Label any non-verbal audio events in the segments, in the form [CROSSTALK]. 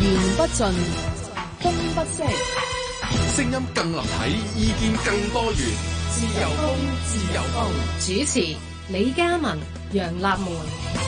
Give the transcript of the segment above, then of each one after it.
言不盡，風不息，聲音更立體，意見更多元，自由風，自由風。主持：李家文、楊立門。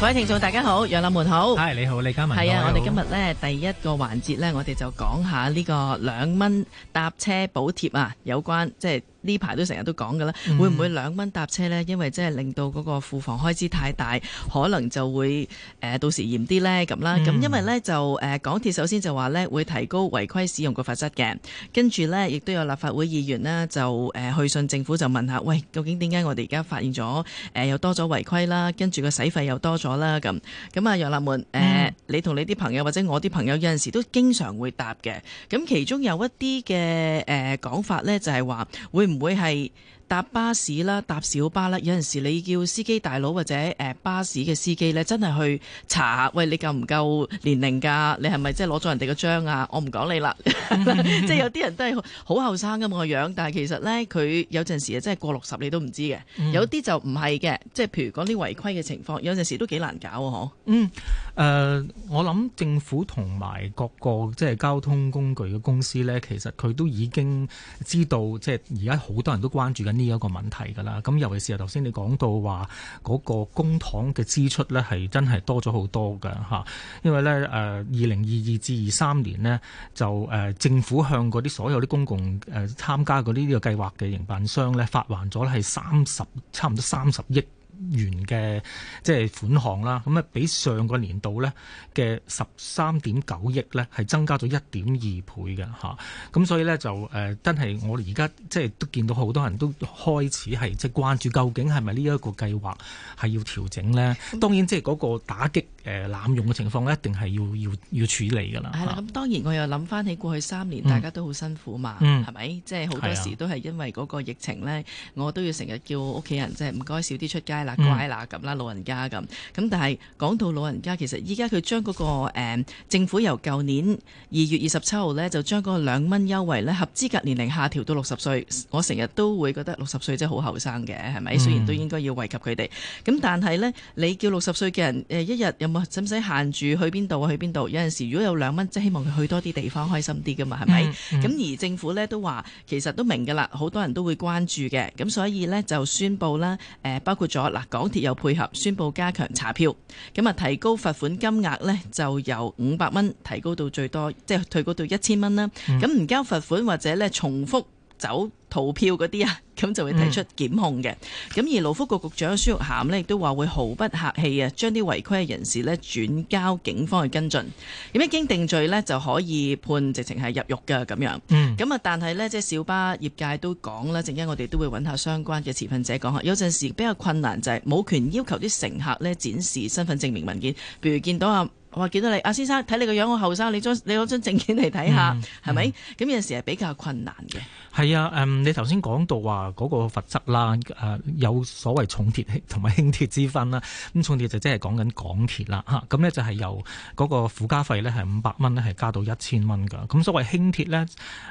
各位聽眾大家好，楊立門好，嗨你好，李嘉文，係啊，好我哋今日呢，第一個環節呢，我哋就講下呢個兩蚊搭車補貼啊，有關即係呢排都成日都講㗎啦，會唔會兩蚊搭車呢？因為即係令到嗰個庫房開支太大，可能就會誒、呃、到時嚴啲呢。咁啦。咁因為呢，就誒、呃、港鐵首先就話呢會提高違規使用個罰則嘅，跟住呢，亦都有立法會議員呢，就、呃、誒去信政府就問下，喂究竟點解我哋而家發現咗誒、呃、又多咗違規啦，跟住個洗費又多咗啦咁。咁啊楊立門誒，呃嗯、你同你啲朋友或者我啲朋友有陣時都經常會搭嘅。咁其中有一啲嘅誒講法呢，就係、是、話會唔會係。搭巴士啦，搭小巴啦，有陣時你叫司機大佬或者誒巴士嘅司機咧，真係去查下，喂，你夠唔夠年齡噶，你係咪即係攞咗人哋嘅章啊？我唔講你啦， [LAUGHS] [LAUGHS] [LAUGHS] 即係有啲人都係好後生咁個樣，但係其實咧，佢有陣時真係過六十你都唔知嘅，有啲就唔係嘅，即係譬如講啲違規嘅情況有陣時都幾難搞嗬。嗯，誒、呃，我諗政府同埋各個即係交通工具嘅公司咧，其實佢都已經知道，即係而家好多人都關注緊。呢一個問題㗎啦，咁尤其是頭先你講到話嗰、那個公帑嘅支出呢，係真係多咗好多㗎吓，因為呢，誒二零二二至二三年呢，就誒、呃、政府向嗰啲所有啲公共誒參、呃、加嗰啲呢個計劃嘅營辦商呢，發還咗係三十差唔多三十億元嘅即係款項啦，咁啊比上個年度咧嘅十三點九億咧，係增加咗一點二倍嘅吓。咁所以咧就誒真係我哋而家即係都見到好多人都開始係即係關注，究竟係咪呢一個計劃係要調整咧？那當然即係嗰個打擊誒濫用嘅情況咧，一定係要要要處理噶啦。係啦，咁當然我又諗翻起過去三年大家都好辛苦嘛，係咪、嗯嗯？即係好多時都係因為嗰個疫情咧，的我都要成日叫我屋企人即係唔該少啲出街啦。乖啦咁啦，老人家咁咁，但係講到老人家，其實依家佢將嗰個誒、嗯、政府由舊年二月二十七號呢，就將嗰個兩蚊優惠呢，合資格年齡下調到六十歲。我成日都會覺得六十歲真係好後生嘅，係咪？嗯、雖然都應該要惠及佢哋，咁但係呢，你叫六十歲嘅人誒，一日有冇使唔使限住去邊度啊？去邊度？有陣時如果有兩蚊，即係希望佢去多啲地方，開心啲噶嘛？係咪？咁、嗯、而政府呢，都話，其實都明噶啦，好多人都會關注嘅，咁所以呢，就宣布啦，誒，包括咗港鐵又配合宣布加強查票，咁啊提高罰款金額呢就由五百蚊提高到最多，即、就、係、是、退高到一千蚊啦。咁唔、嗯、交罰款或者咧重複。走逃票嗰啲啊，咁就會提出檢控嘅。咁、嗯、而勞福局局長孫玉菡呢，亦都話會毫不客氣啊，將啲違規嘅人士呢轉交警方去跟進。咁一經定罪呢，就可以判直情係入獄嘅咁、嗯、樣。咁啊，但係呢，即係小巴業界都講啦，陣間我哋都會揾下相關嘅持份者講下，有陣時比較困難就係、是、冇權要求啲乘客呢展示身份證明文件。譬如見到啊，我見到你，阿、啊、先生，睇你個樣我後生，你張你攞張證件嚟睇下，係咪、嗯？咁有陣時係比較困難嘅。係啊，嗯，你頭先講到話嗰個罰則啦，誒，有所謂重鐵同埋輕鐵之分啦。咁重鐵就即係講緊港鐵啦，吓。咁呢就係由嗰個附加費呢，係五百蚊呢係加到一千蚊㗎。咁所謂輕鐵呢，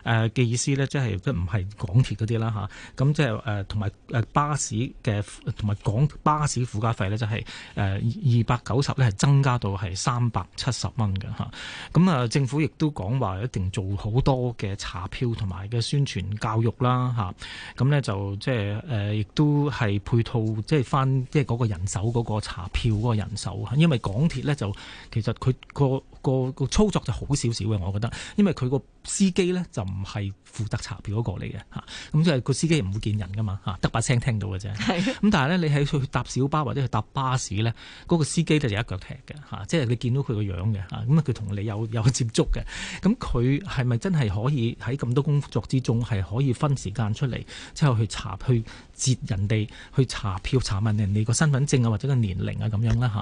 誒嘅意思呢，即係即唔係港鐵嗰啲啦，吓。咁即係誒同埋巴士嘅同埋港巴士附加費呢，就係誒二百九十呢係增加到係三百七十蚊㗎吓。咁啊，政府亦都講話一定做好多嘅查票同埋嘅宣傳。教育啦吓，咁咧就即係誒亦都係配套即係翻即係嗰個人手嗰個查票嗰個人手啊，因為港鐵咧就其實佢個個操作就好少少嘅，我覺得，因為佢個司機咧就唔係負責查票嗰個嚟嘅吓。咁即係個司機唔會見人噶嘛嚇，得把聲聽到嘅啫。咁 [LAUGHS] 但係咧，你係去搭小巴或者去搭巴士咧，嗰個司機就有一腳踢嘅吓，即係你見到佢個樣嘅吓，咁啊佢同你有有接觸嘅，咁佢係咪真係可以喺咁多工作之中係可以分時間出嚟，之後去查、去截人哋，去查票、查問人哋個身份證啊，或者個年齡啊咁樣啦吓，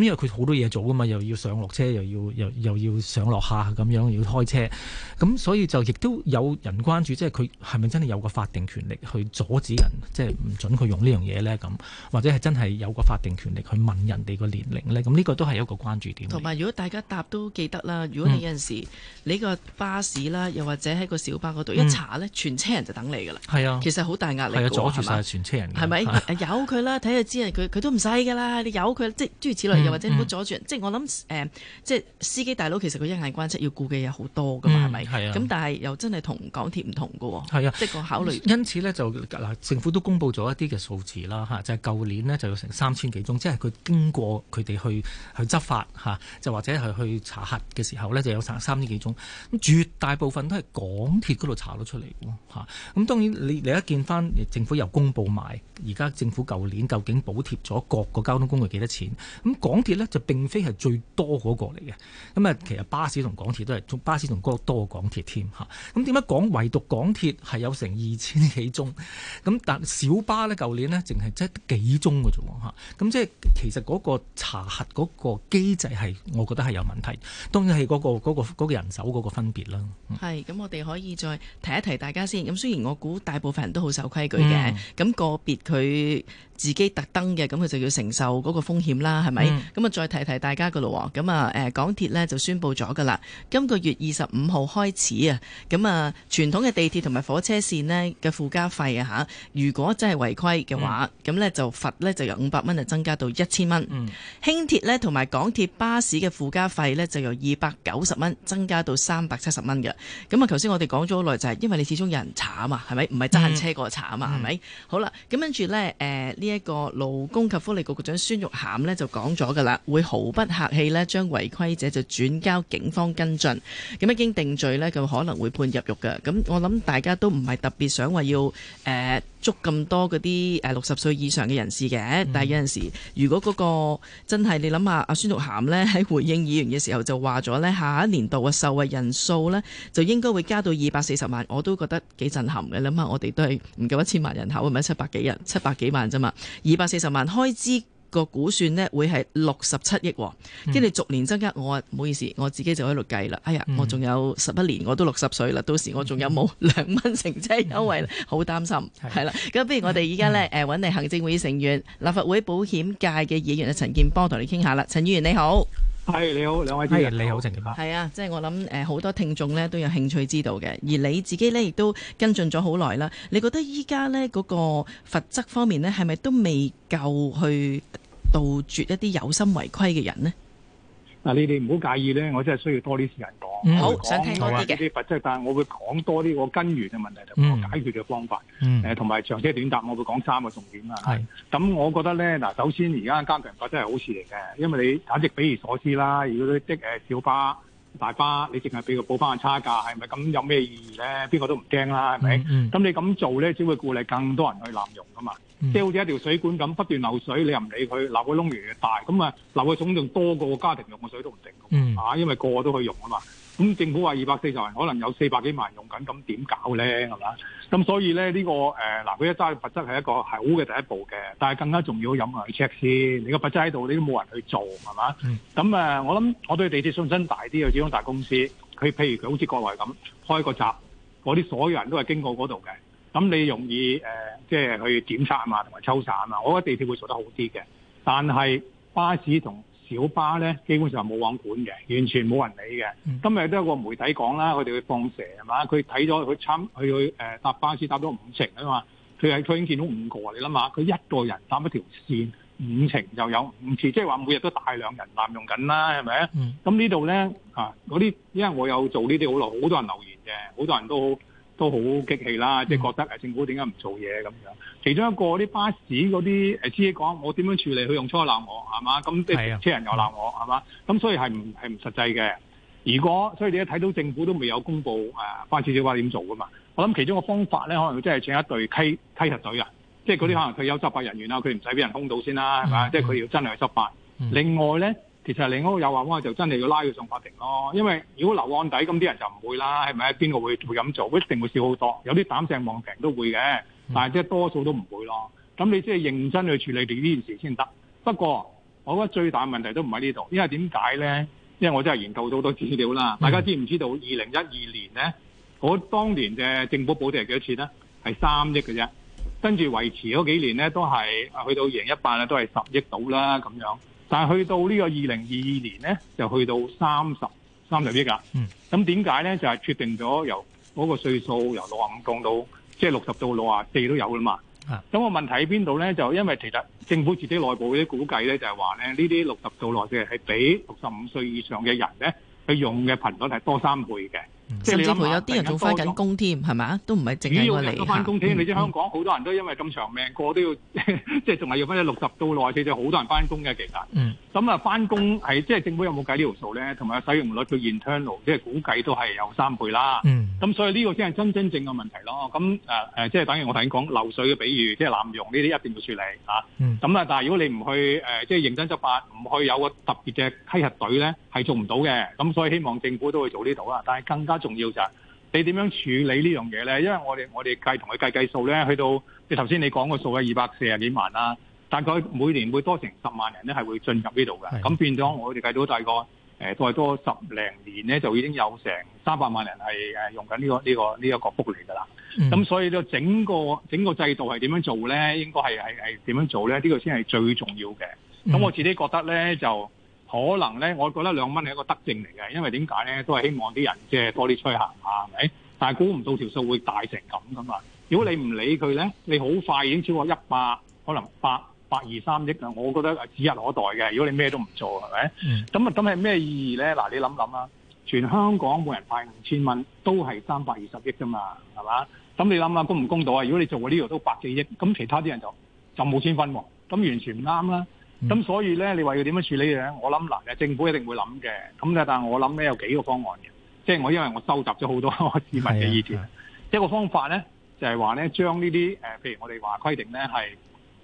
咁因為佢好多嘢做㗎嘛，又要上落車，又要又又要上落下咁樣，要開車。咁所以就亦都有人關注，即係佢係咪真係有個法定權力去阻止人，即係唔準佢用呢樣嘢呢？咁或者係真係有個法定權力去問人哋個年齡呢？咁呢個都係一個關注點。同埋，如果大家答都記得啦，如果你有陣時你個巴士啦，又或者喺個小巴嗰度一查咧。嗯嗯全車人就等你噶啦，係啊，其實好大壓力啊，阻住晒全車人嘅，係咪？由佢啦，睇下知啊，佢佢都唔使噶啦，你由佢即係諸如此類，又或者唔好阻住人，即係我諗誒，即係司機大佬其實佢一眼關七要顧嘅嘢好多噶嘛，係咪？係啊，咁但係又真係同港鐵唔同噶喎，係啊，即係個考慮。因此呢，就嗱，政府都公布咗一啲嘅數字啦吓，就係舊年呢，就有成三千幾宗，即係佢經過佢哋去去執法吓，就或者係去查核嘅時候呢，就有三千幾宗，咁絕大部分都係港鐵嗰度查到出嚟。吓，咁當然你你一見翻政府又公布埋，而家政府舊年究竟補貼咗各個交通工具幾多錢？咁港鐵呢就並非係最多嗰個嚟嘅，咁啊其實巴士同港鐵都係，巴士同多多港鐵添嚇。咁點解講唯獨港鐵係有成二千幾宗？咁但小巴呢，舊年呢淨係即係幾宗嘅啫喎嚇。咁即係其實嗰個查核嗰個機制係，我覺得係有問題，當然係嗰個嗰個人手嗰個分別啦。係，咁我哋可以再提一提大家。先咁，雖然我估大部分人都好守規矩嘅，咁、嗯、個別佢。自己特登嘅，咁佢就要承受嗰個風險啦，係咪？咁啊、嗯，再提提大家嘅咯。咁啊，港鐵咧就宣布咗㗎啦。今個月二十五號開始啊，咁啊傳統嘅地鐵同埋火車線呢嘅附加費啊吓，如果真係違規嘅話，咁呢、嗯、就罰呢，就由五百蚊就增加到一千蚊。嗯、輕鐵呢同埋港鐵巴士嘅附加費呢，就由二百九十蚊增加到三百七十蚊嘅。咁啊，頭先我哋講咗好耐就係、是、因為你始終有人查啊嘛，係咪？唔係揸車過查啊嘛，係咪、嗯？好啦，咁跟住呢。呃呢一個勞工及福利局局長孫玉菡呢就講咗噶啦，會毫不客氣呢將違規者就轉交警方跟進。咁一經定罪呢，就可能會判入獄噶。咁我諗大家都唔係特別想話要誒。捉咁多嗰啲誒六十歲以上嘅人士嘅，但係有陣時，如果嗰個真係你諗下，阿孫玉菡呢，喺回應議員嘅時候就話咗呢，下一年度嘅受惠人數呢，就應該會加到二百四十萬，我都覺得幾震撼嘅。諗下我哋都係唔夠一千萬人口，係咪七百幾人，七百幾萬啫嘛，二百四十萬開支。個估算呢會係六十七億，跟住、嗯、逐年增加。我唔好意思，我自己就喺度計啦。哎呀，嗯、我仲有十一年，我都六十歲啦。到時我仲有冇兩蚊成積優惠？好、嗯、擔心係啦。咁的的不如我哋依家呢，誒的，揾嚟行政會議成員、立法會保險界嘅議員陳健波同你傾下啦。陳議員你好，係你好，兩位先生，你好，陳健波，係啊，即係我諗誒，好多聽眾呢都有興趣知道嘅，而你自己呢亦都跟進咗好耐啦。你覺得依家呢嗰個罰則方面呢，係咪都未夠去？杜絕一啲有心違規嘅人呢？嗱你哋唔好介意咧，我真係需要多啲時間講，嗯、好我會講，想聽多啲嘅。嗱，呢啲但係我會講多啲個根源嘅問題同埋解決嘅方法，誒、嗯，同、嗯、埋長者短答，我會講三個重點啦。係咁是，我覺得咧，嗱，首先而家加強法真係好事嚟嘅，因為你簡直匪夷所思啦，如果啲即係小巴、大巴，你淨係俾佢補翻個差價，係咪咁有咩意義咧？邊個都唔驚啦，係咪？咁、嗯嗯、你咁做咧，只會鼓勵更多人去濫用噶嘛。嗯、即係好似一條水管咁不斷漏水，你又唔理佢，流嘅窿越嚟越大，咁啊流嘅總仲多過家庭用嘅水都唔定嘅嘛，啊，嗯、因為個個都可以用啊嘛。咁政府話二百四十萬，可能有四百幾萬人用緊，咁點搞咧？係嘛？咁所以咧呢、呢個誒嗱，佢、呃、一揸嘅罰則係一個好嘅第一步嘅，但係更加重要，飲埋去 check 先。你個罰則喺度，你都冇人去做，係嘛？咁、嗯、我諗我對地鐵信心大啲有始終大公司，佢譬如佢好似國內咁開個閘，嗰啲所有人都係經過嗰度嘅。咁你容易誒、呃，即係去檢查啊嘛，同埋抽查啊嘛。我覺得地鐵會做得好啲嘅，但係巴士同小巴咧，基本上冇人管嘅，完全冇人理嘅。嗯、今日都有個媒體講啦，佢哋去放蛇係嘛，佢睇咗佢參，佢去、呃、搭巴士搭咗五程啊嘛，佢係已經見到五個你諗下，佢一個人搭一條線，五程就有五次，即係話每日都大量人濫用緊啦，係咪？咁、嗯、呢度咧啊，嗰啲因為我有做呢啲好耐，好多人留言嘅，好多人都好，都好激氣啦，即係覺得政府點解唔做嘢咁樣？其中一個啲巴士嗰啲誒司機講我點樣處理佢用粗口鬧我係嘛？咁即係車人又鬧我係嘛？咁的的所以係唔係唔實際嘅？如果所以你一睇到政府都未有公布誒、呃、巴士小巴點做噶嘛？我諗其中個方法咧，可能真係請一隊稽稽查隊啊，即係嗰啲可能佢有執法人員啦，佢唔使俾人衝到先啦，係嘛？ [LAUGHS] 即係佢要真係去執法。嗯、另外咧。其實你嗰個有話，我就真係要拉佢上法庭咯。因為如果留案底，咁啲人就唔會啦，係咪？邊個會會咁做？一定會少好多。有啲膽正命平都會嘅，但係即係多數都唔會咯。咁你即係認真去處理住呢件事先得。不過，我覺得最大問題都唔喺呢度，因為點解呢？因為我真係研究咗好多資料啦。大家知唔知道二零一二年呢，我當年嘅政府補貼係幾多錢呢？係三億嘅啫。跟住維持嗰幾年呢，都係去到二零一八，啊，都係十億到啦咁樣。但係去到呢個呢個二零二二年咧，就去到三十三十億噶。咁點解咧？就係、是、決定咗由嗰個歲數由六十五降到即係六十到六啊四都有啦嘛。咁個問題喺邊度咧？就因為其實政府自己內部啲估計咧，就係話咧呢啲六十到六啊四係比六十五歲以上嘅人咧，佢用嘅頻率係多三倍嘅。即你想想，甚至乎有啲人做翻緊工添，係咪？都唔係整係嚟嚇。翻工添，你知香港好多人都因為咁長命過都要，即係仲係要翻啲六十到內，甚至好多人翻工嘅其實。咁啊、嗯，翻工係即係政府有冇計呢條數咧？同埋使用率嘅 internal，即係估計都係有三倍啦。咁、嗯、所以呢個先係真真正嘅問題咯。咁、呃呃、即係等於我頭先講流水嘅比喻，即係濫用呢啲一定要處理咁啊，嗯、但係如果你唔去、呃、即係認真執法，唔去有個特別嘅稽核隊咧，係做唔到嘅。咁所以希望政府都會做呢度啦。但係更加重要就係你點樣處理呢樣嘢咧？因為我哋我哋計同佢計計數咧，去到你頭先你講個數嘅二百四十幾萬啦，大概每年會多成十萬人咧，係會進入呢度嘅。咁的變咗我哋計到大概誒再、呃、多十零年咧，就已經有成三百萬人係誒用緊、這、呢個呢、這個呢一、這個福利㗎啦。咁、嗯、所以呢，整個整個制度係點樣做咧？應該係係係點樣做咧？呢、這個先係最重要嘅。咁我自己覺得咧就。可能咧，我覺得兩蚊係一個德政嚟嘅，因為點解咧？都係希望啲人即係多啲出去行下，係咪？但係估唔到條數會大成咁噶嘛？如果你唔理佢咧，你好快已經超過一百，可能百百二三億啦！我覺得係指日可待嘅。如果你咩都唔做，係咪？咁啊、嗯，咁係咩意義咧？嗱，你諗諗啦，全香港每人派五千蚊，都係三百二十億咋嘛，係嘛？咁你諗下公唔公道啊？如果你做過呢度都百幾億，咁其他啲人就就冇錢分喎，咁完全唔啱啦。咁、嗯、所以咧，你話要點樣處理咧？我諗，嗱，政府一定會諗嘅。咁咧，但係我諗咧，有幾個方案嘅。即係我因為我收集咗好多市民嘅意見， [LAUGHS] 啊、即一個方法咧就係話咧將呢啲誒、呃，譬如我哋話規定咧係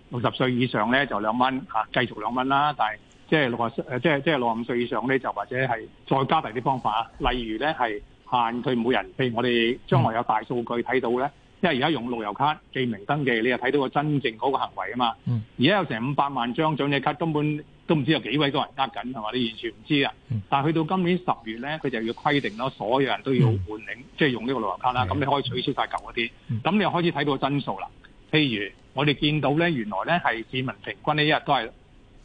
六十歲以上咧就兩蚊吓，繼、啊、續兩蚊啦。但係即係六十歲誒，即係即係六十五歲以上咧就或者係再加大啲方法啊。例如咧係限佢每人，譬如我哋將來有大數據睇到咧。嗯即係而家用樂悠卡記名登記，你又睇到個真正嗰個行為啊嘛。而家、嗯、有成五百萬張長者卡，根本都唔知有幾位個人呃緊，係嘛？你完全唔知啊。嗯、但係去到今年十月咧，佢就要規定咯，所有人都要換領，即係、嗯、用呢個樂悠卡啦。咁的你可以取消晒舊嗰啲，咁、嗯、你又開始睇到個真數啦。譬如我哋見到咧，原來咧係市民平均呢一日都係誒、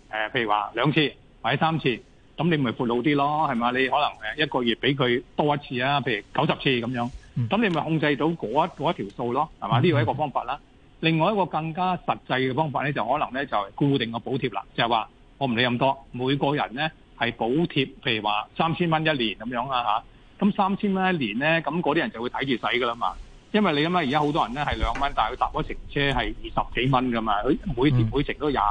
呃，譬如話兩次或者三次，咁你咪闊老啲咯，係嘛？你可能誒一個月俾佢多一次啊，譬如九十次咁樣。咁、嗯、你咪控制到嗰一嗰一條數咯，係嘛？呢個、嗯、係一個方法啦。另外一個更加實際嘅方法咧，就可能咧就係固定嘅補貼啦，就係、是、話我唔理咁多，每個人咧係補貼，譬如話三千蚊一年咁樣啦吓，咁三千蚊一年咧，咁嗰啲人就會睇住使噶啦嘛。因為你諗下，而家好多人咧係兩蚊，但係佢搭嗰程車係二十幾蚊噶嘛，佢每節每程都廿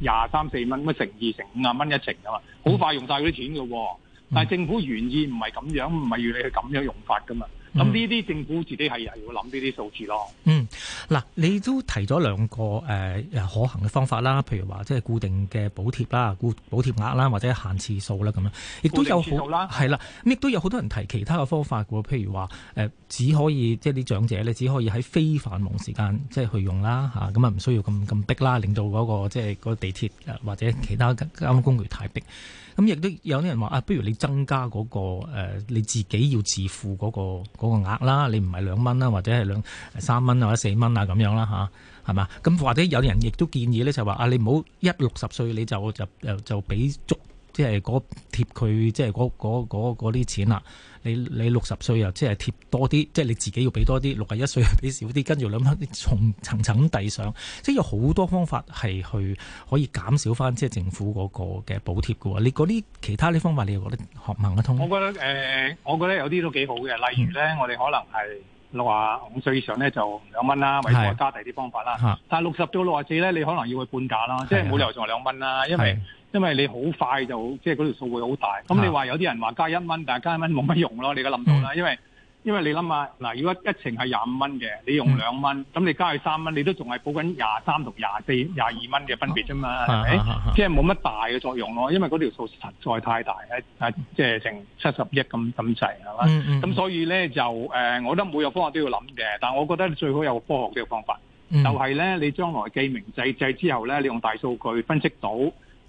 廿三四蚊，咁啊成二成五啊蚊一程噶嘛，好快用晒佢啲錢噶喎、啊。嗯、但政府原意唔係咁樣，唔係、嗯、要你去咁樣用法噶嘛。咁呢啲政府自己係係要諗呢啲數字咯。嗯，嗱，你都提咗兩個誒誒、呃、可行嘅方法啦，譬如話即係固定嘅補貼啦，固補貼額啦，或者限次數啦咁樣，亦都有好係啦。亦啦都有好多人提其他嘅方法嘅，譬如話誒只可以即係啲長者咧，只可以喺、就是、非繁忙時間即係去用啦吓，咁啊唔需要咁咁逼啦，令到嗰、那個即係、就是、個地鐵或者其他交通工具太逼。咁亦都有啲人話啊，不如你增加嗰個誒你自己要自付嗰個嗰個額啦，你唔係兩蚊啦，或者係兩三蚊或者四蚊啊咁樣啦吓係嘛？咁或者有人亦都建議咧，就話啊，你唔好一六十歲你就就就就俾足。即係嗰貼佢，即係嗰啲錢啦。你你六十歲又即係貼多啲，即係你自己要俾多啲，六十一歲俾少啲，跟住諗下層層層咁遞上，即係有好多方法係去可以減少翻即係政府嗰個嘅補貼嘅喎。你嗰啲其他啲方法，你又覺得行唔行得通？我覺得誒、呃，我覺得有啲都幾好嘅，例如咧，嗯、我哋可能係。六啊五歲以上咧就兩蚊啦，為咗加第啲方法啦。的但係六十到六十四咧，你可能要去半價啦的即係冇理由仲係兩蚊啦，因為因為你好快就即係嗰條數會好大。咁你話有啲人話加一蚊，但係加一蚊冇乜用咯，你嘅諗到啦，因為。因為你諗下，嗱，如果一程係廿五蚊嘅，你用兩蚊，咁、嗯、你加去三蚊，你都仲係補緊廿三同廿四、廿二蚊嘅分別啫嘛，係咪？即係冇乜大嘅作用咯，因為嗰條數實在太大，係即係成七十億咁咁滯，係嘛、嗯？咁、嗯、所以咧就誒、呃，我覺得每個方法都要諗嘅，但係我覺得最好有科學嘅方法，就係、是、咧你將來記名制制之後咧，你用大數據分析到。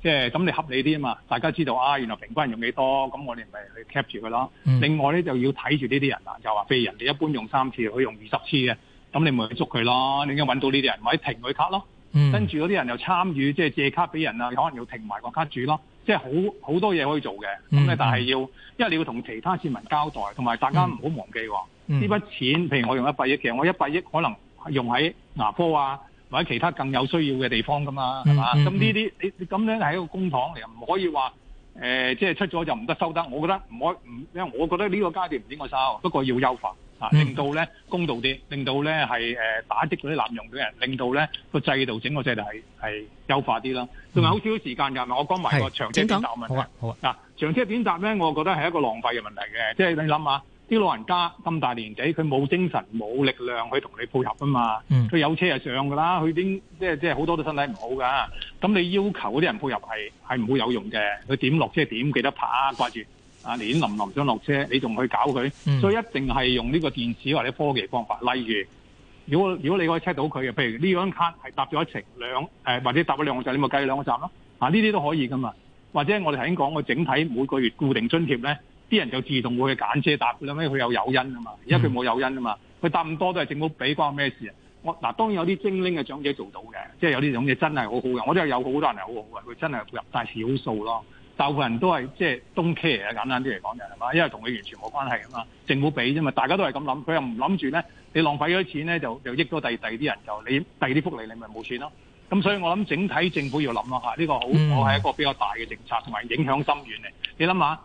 即係咁你合理啲啊嘛，大家知道啊，原來平均人用幾多，咁我哋咪去 cap 住佢咯。嗯、另外咧就要睇住呢啲人啦，就話譬如人哋一般用三次，佢用二十次嘅，咁你咪去捉佢咯。你應該揾到呢啲人，咪停佢卡咯。跟住嗰啲人又參與即係借卡俾人啊，可能要停埋個卡住咯。即係好好多嘢可以做嘅。咁咧、嗯，但係要因為你要同其他市民交代，同埋大家唔好忘記喎。呢、嗯嗯、筆錢，譬如我用一百億，其實我一百億可能用喺牙科啊。或者其他更有需要嘅地方噶嘛，係嘛？咁呢啲你你咁樣係一個公帑嚟，唔可以話、呃、即係出咗就唔得收得。我覺得唔可唔，因為我覺得呢個階段唔應該收，不過要優化啊，令到咧公道啲，令到咧係打擊咗啲濫用嘅人，令到咧個制度整個制度係係優化啲啦。仲、嗯、有好少時間㗎咪我講埋個長者點答問題。好啊好啊，嗱、啊啊、長者點答咧，我覺得係一個浪費嘅問題嘅，即係你諗下。啲老人家咁大年紀佢冇精神冇力量去同你配合噶嘛。佢、嗯、有車就上噶啦，佢已經即係即係好多都身體唔好噶。咁你要求嗰啲人配合係係唔會有用嘅。佢點落車點記得拍啊掛住啊，連淋唔淋想落車你仲去搞佢？嗯、所以一定係用呢個電子或者科技方法。例如，如果如果你可以 check 到佢嘅，譬如呢張卡係搭咗一程兩、呃、或者搭咗兩個站，你咪計兩個站咯。啊呢啲都可以噶嘛。或者我哋頭先講個整體每個月固定津貼咧。啲人就自動會去揀車搭，咁樣佢有誘因啊嘛，而家佢冇誘因啊嘛，佢搭咁多都係政府俾，關咩事啊？我嗱當然有啲精靈嘅長者做到嘅，即係有啲種嘢真係好好嘅，我都有好多人係好好嘅，佢真係入大少數咯。大部分人都係即係 don't care 嚟嘅，簡單啲嚟講就係嘛，因為同佢完全冇關係啊嘛，政府俾啫嘛，大家都係咁諗，佢又唔諗住咧，你浪費咗錢咧就就益多第第啲人就你第啲福利你咪冇錢咯。咁所以我諗整體政府要諗咯嚇，呢個好我係一個比較大嘅政策同埋影響深遠嚟，你諗下。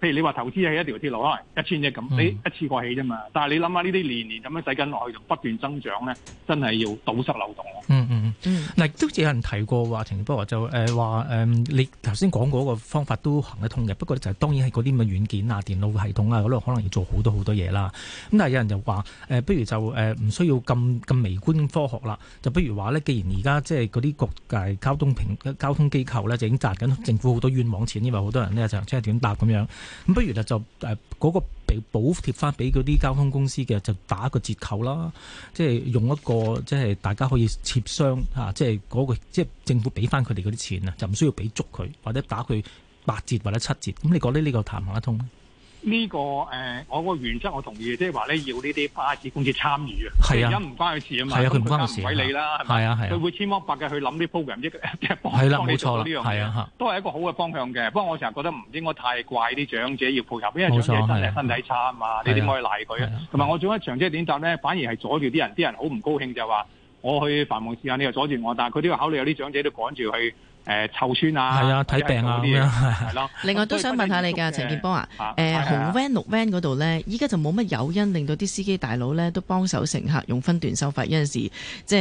譬如你話投資係一條鐵路可能一千億咁，你一次過起啫嘛。嗯、但係你諗下呢啲年年咁樣使緊落去，就不斷增長咧，真係要堵塞漏洞。嗯嗯嗯。嗱、嗯，都似有人提過話，陳健波就誒話誒，你頭先講嗰個方法都行得通嘅。不過咧就是、當然係嗰啲咁嘅軟件啊、電腦系統啊度可能要做好多好多嘢啦。咁但係有人就話誒、呃，不如就誒唔、呃、需要咁咁微觀科學啦，就不如話咧，既然而家即係嗰啲國界交通平交通機構咧，就已經賺緊政府好多冤枉錢，因為好多人呢，就即車短搭咁樣。咁不如咧就嗰個補貼翻俾嗰啲交通公司嘅，就打個折扣啦，即係用一個即係大家可以協商吓，即係嗰即係政府俾翻佢哋嗰啲錢啊，就唔需要俾足佢或者打佢八折或者七折。咁你覺得呢個談唔行得通？呢個誒，我個原則我同意，即係話咧要呢啲巴士公司參與啊。係啊，而家唔關佢事啊嘛。係啊，佢唔關事，鬼理啦。係啊，係啊。佢會千方百計去諗啲 program，即係幫你做呢樣嘢。係啦，冇錯啦。係啊，都係一個好嘅方向嘅。不過我成日覺得唔應該太怪啲長者要配合，因為長者真係身體差啊嘛，你點可以賴佢啊？同埋我做一場者係點答咧，反而係阻住啲人，啲人好唔高興就話，我去繁忙時間，呢度阻住我，但係佢都要考慮有啲長者都趕住去。誒湊村啊，係啊，睇病啊嗰係咯。 [LAUGHS] 另外都想問下你㗎， [LAUGHS] 陳健波啊，誒紅 van 綠、啊、van 嗰度咧，依家就冇乜誘因令到啲司機大佬咧都幫手乘客用分段收費，有陣時即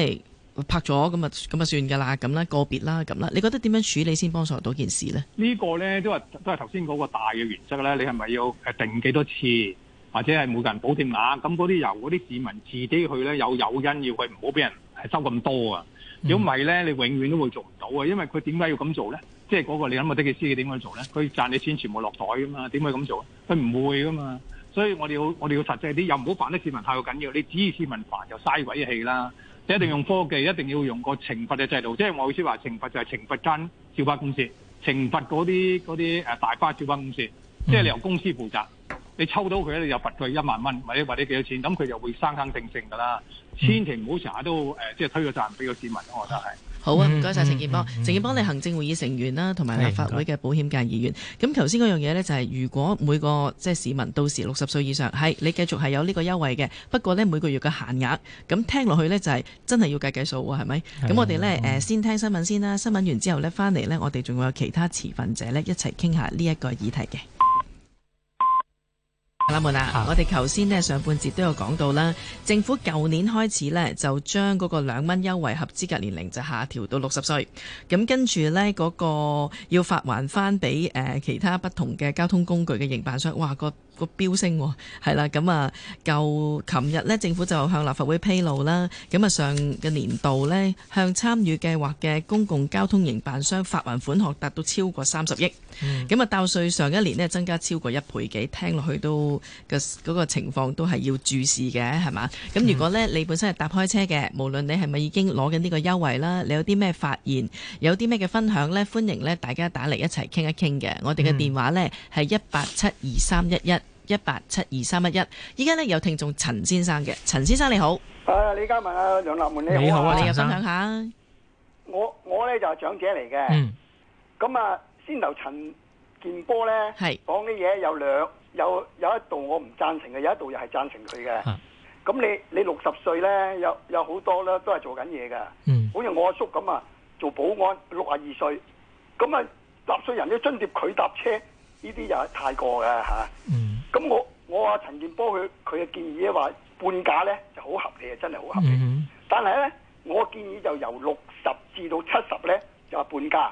係拍咗咁啊，咁啊算㗎啦，咁啦個別啦，咁啦，你覺得點樣處理先幫助到件事咧？個呢個咧都話都係頭先嗰個大嘅原則咧，你係咪要誒定幾多次，或者係每個人保定額？咁嗰啲由嗰啲市民自己去咧有誘因要佢唔好俾人收咁多啊！如果唔係咧，你永遠都會做唔到啊！因為佢點解要咁做咧？即係嗰個你諗下，的士司機點樣做咧？佢賺你錢全部落袋噶嘛，點會咁做啊？佢唔會噶嘛，所以我哋要我哋要實際啲，又唔好煩得市民太過緊要。你指意市民煩就嘥鬼氣啦，你一定要用科技，一定要用個懲罰嘅制度。即係我意思話，懲罰就係懲罰間小巴公司，懲罰嗰啲啲誒大巴小巴公司。即係你由公司負責，你抽到佢咧就罰佢一萬蚊，或者或者幾多錢，咁佢就會生生性性噶啦。嗯、千祈唔好成日都即係、呃、推個贊俾個市民，我覺得係。好啊，唔該晒。嗯嗯嗯、陳健波。陳健波你行政會議成員啦、啊，同埋立法會嘅保險界議員。咁頭先嗰樣嘢呢，就係、是、如果每個即係市民到時六十歲以上，係你繼續係有呢個優惠嘅。不過呢，每個月嘅限額。咁聽落去呢，就係、是、真係要計計數喎，係咪？咁對我哋呢，嗯呃、先聽新聞先啦。新聞完之後呢，翻嚟呢，我哋仲會有其他持份者呢，一齊傾下呢一個議題嘅。我哋頭先呢，上半節都有講到啦，政府舊年開始呢，就將嗰個兩蚊優惠合資格年齡就下調到六十歲，咁跟住呢，嗰個要發還翻俾誒其他不同嘅交通工具嘅營辦商，哇個個飆升係啦，咁啊舊琴日呢，政府就向立法會披露啦，咁啊上個年度呢，向參與計劃嘅公共交通營辦商發還款項達到超過三十億，咁啊、嗯、到稅上一年呢，增加超過一倍幾，聽落去都。嗰個情況都係要注視嘅，係嘛？咁如果呢，你本身係搭開車嘅，無論你係咪已經攞緊呢個優惠啦，你有啲咩發現，有啲咩嘅分享呢？歡迎呢，大家打嚟一齊傾一傾嘅。我哋嘅電話呢係一八七二三一一一八七二三一一。依家呢，有聽眾陳先生嘅，陳先生你好。你李嘉文啊，楊立門你好啊，你又好分享下。我我呢就係、是、長者嚟嘅。咁啊、嗯，先頭陳健波呢係講啲嘢有兩，有有一度我唔贊成嘅，有一度又係贊成佢嘅。咁你你六十歲咧，有、啊、呢有好多咧都係做緊嘢嘅。嗯，好似我阿叔咁啊，做保安六啊二歲，咁啊納稅人要津貼佢搭車，呢啲又係太過嘅嚇。啊、嗯，咁我我阿陳健波佢佢嘅建議咧話半價咧就好合理啊，真係好合理。合理，嗯、哼但係咧我建議就由六十至到七十咧就係半價。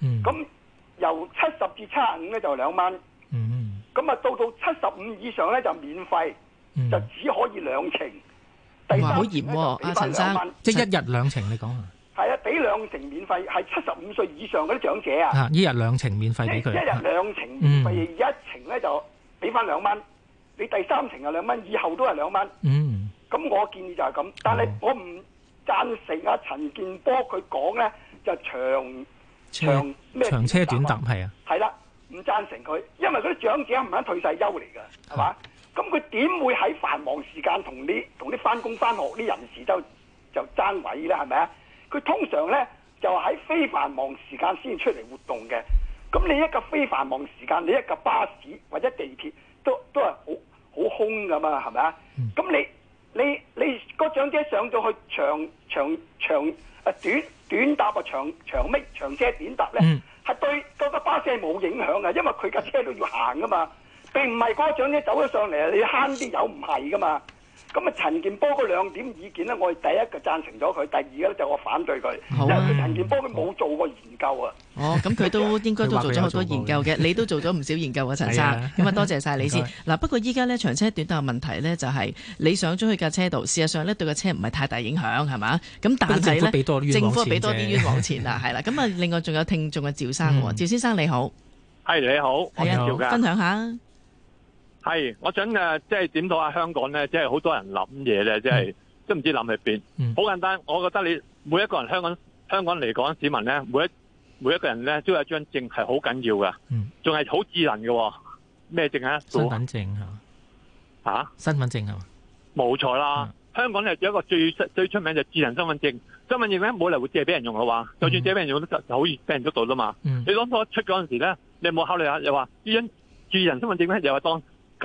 嗯，咁由七十至七十五咧就兩蚊。咁啊，到到七十五以上咧就免費，就只可以兩程。唔係好熱喎，陳生，即係一日兩程，你講下。係啊，俾兩程免費，係七十五歲以上嗰啲長者啊。嚇！一日兩程免費俾佢。一日兩程免費，一程咧就俾翻兩蚊。你第三程又兩蚊，以後都係兩蚊。嗯。咁我建議就係咁，但係我唔贊成啊陳建波佢講咧就長長咩長車短搭係啊。係啦。唔贊成佢，因為嗰啲長者唔係退晒休嚟㗎，係嘛？咁佢點會喺繁忙時間同啲同啲返工返學啲人士就就爭位咧？係咪啊？佢通常咧就喺、是、非繁忙時間先出嚟活動嘅。咁你一個非繁忙時間，你一架巴士或者地鐵都都係好好空㗎嘛？係咪啊？咁你你你、嗰個長者上到去長長長啊短短搭啊長長尾長，長車點搭咧？Mm. 係對個個巴士冇影響的，因為佢架車都要行噶嘛，並唔係嗰個走咗上嚟，你慳啲油唔係噶嘛。咁啊，陳健波嗰兩點意見呢我第一個贊成咗佢，第二個就我反對佢。好啊，陳健波佢冇做過研究啊。哦，咁佢都應該都做咗好多研究嘅，你都做咗唔少研究啊，陳生。咁啊，多謝晒你先。嗱，不過依家呢長車短搭問題就係你想將佢架車度，事實上呢對個車唔係太大影響係嘛？咁但係政府俾多啲冤枉錢啫。政府俾多啲冤枉錢啊，係啦。咁啊，另外仲有聽眾嘅趙生，趙先生你好。係你好，我係趙分享下。係，我想嘅、呃、即係點到下香港咧，即係好多人諗嘢咧，嗯、即係都唔知諗去邊。好、嗯、簡單，我覺得你每一個人香港香港嚟講，市民咧，每一每一個人咧，都有張證係好緊要嘅。嗯，仲係好智能嘅、哦，咩證啊？身份證嚇吓、啊啊、身份證啊，冇錯啦。嗯、香港咧有一個最出最出名就智能身份證。身份證咧冇理由借俾人用嘅話，就算借俾人用都好、嗯、易俾人捉到啦嘛。嗯，你諗到出嗰陣時咧，你有冇考慮下？又話呢張智能身份證咧，又話當